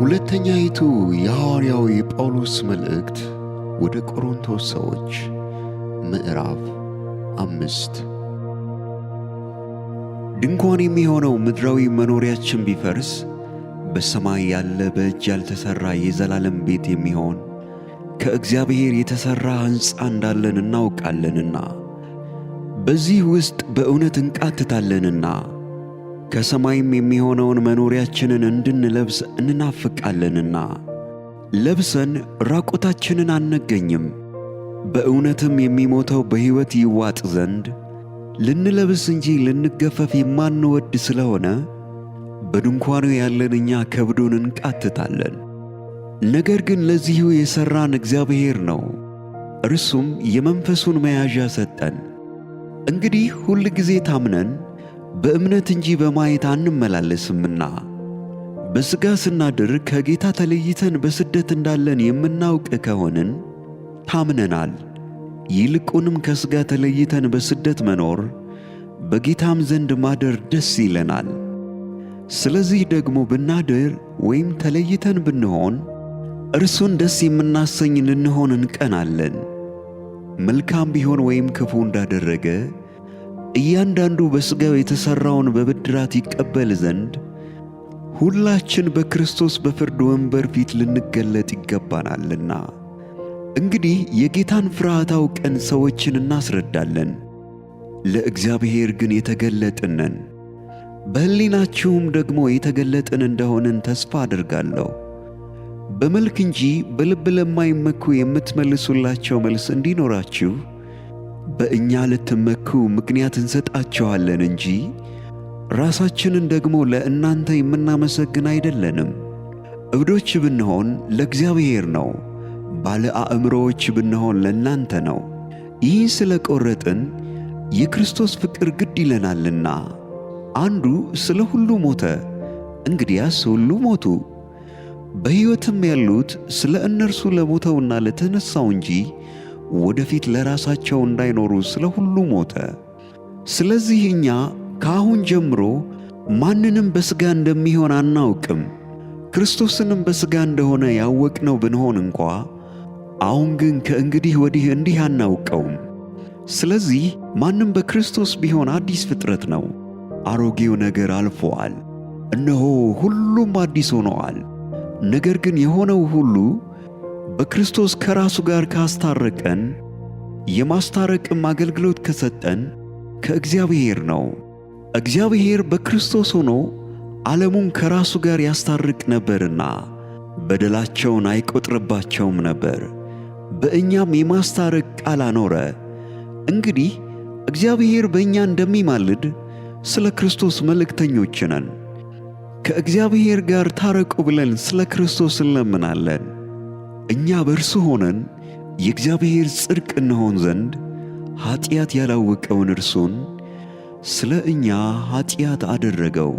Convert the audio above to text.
ሁለተኛይቱ የሐዋርያው የጳውሎስ መልእክት ወደ ቆሮንቶስ ሰዎች ምዕራፍ አምስት ድንኳን የሚሆነው ምድራዊ መኖሪያችን ቢፈርስ በሰማይ ያለ በእጅ ያልተሠራ የዘላለም ቤት የሚሆን ከእግዚአብሔር የተሠራ ሕንፃ እንዳለን እናውቃለንና በዚህ ውስጥ በእውነት እንቃትታለንና ከሰማይም የሚሆነውን መኖሪያችንን እንድንለብስ እንናፍቃለንና ለብሰን ራቆታችንን አንገኝም። በእውነትም የሚሞተው በሕይወት ይዋጥ ዘንድ ልንለብስ እንጂ ልንገፈፍ የማንወድ ስለሆነ በድንኳኑ ያለን እኛ ከብዱን እንቃትታለን። ነገር ግን ለዚሁ የሠራን እግዚአብሔር ነው፤ እርሱም የመንፈሱን መያዣ ሰጠን። እንግዲህ ሁል ጊዜ ታምነን በእምነት እንጂ በማየት አንመላለስምና በሥጋ ስናድር ከጌታ ተለይተን በስደት እንዳለን የምናውቅ ከሆንን ታምነናል። ይልቁንም ከሥጋ ተለይተን በስደት መኖር በጌታም ዘንድ ማደር ደስ ይለናል። ስለዚህ ደግሞ ብናድር ወይም ተለይተን ብንሆን እርሱን ደስ የምናሰኝ ልንሆን እንቀናለን። መልካም ቢሆን ወይም ክፉ እንዳደረገ እያንዳንዱ በሥጋው የተሠራውን በብድራት ይቀበል ዘንድ ሁላችን በክርስቶስ በፍርድ ወንበር ፊት ልንገለጥ ይገባናልና። እንግዲህ የጌታን ፍርሃት አውቀን ሰዎችን እናስረዳለን፤ ለእግዚአብሔር ግን የተገለጥንን በሕሊናችሁም ደግሞ የተገለጥን እንደሆንን ተስፋ አድርጋለሁ። በመልክ እንጂ በልብ ለማይመኩ የምትመልሱላቸው መልስ እንዲኖራችሁ በእኛ ልትመኩ ምክንያት እንሰጣችኋለን እንጂ ራሳችንን ደግሞ ለእናንተ የምናመሰግን አይደለንም። እብዶች ብንሆን ለእግዚአብሔር ነው፣ ባለ አእምሮዎች ብንሆን ለእናንተ ነው። ይህን ስለ የክርስቶስ ፍቅር ግድ ይለናልና። አንዱ ስለ ሁሉ ሞተ፣ እንግዲያስ ሁሉ ሞቱ። በሕይወትም ያሉት ስለ እነርሱ ለሞተውና ለተነሳው እንጂ ወደፊት ለራሳቸው እንዳይኖሩ ስለ ሁሉ ሞተ። ስለዚህ እኛ ከአሁን ጀምሮ ማንንም በሥጋ እንደሚሆን አናውቅም። ክርስቶስንም በሥጋ እንደሆነ ያወቅነው ብንሆን እንኳ አሁን ግን ከእንግዲህ ወዲህ እንዲህ አናውቀውም። ስለዚህ ማንም በክርስቶስ ቢሆን አዲስ ፍጥረት ነው፤ አሮጌው ነገር አልፎአል፣ እነሆ ሁሉም አዲስ ሆነዋል። ነገር ግን የሆነው ሁሉ በክርስቶስ ከራሱ ጋር ካስታረቀን የማስታረቅም አገልግሎት ከሰጠን ከእግዚአብሔር ነው። እግዚአብሔር በክርስቶስ ሆኖ ዓለሙን ከራሱ ጋር ያስታርቅ ነበርና በደላቸውን አይቆጥርባቸውም ነበር፣ በእኛም የማስታረቅ ቃል አኖረ። እንግዲህ እግዚአብሔር በእኛ እንደሚማልድ ስለ ክርስቶስ መልእክተኞች ነን። ከእግዚአብሔር ጋር ታረቁ ብለን ስለ ክርስቶስ እንለምናለን። እኛ በእርሱ ሆነን የእግዚአብሔር ጽድቅ እንሆን ዘንድ ኀጢአት ያላወቀውን እርሱን ስለ እኛ ኀጢአት አደረገው።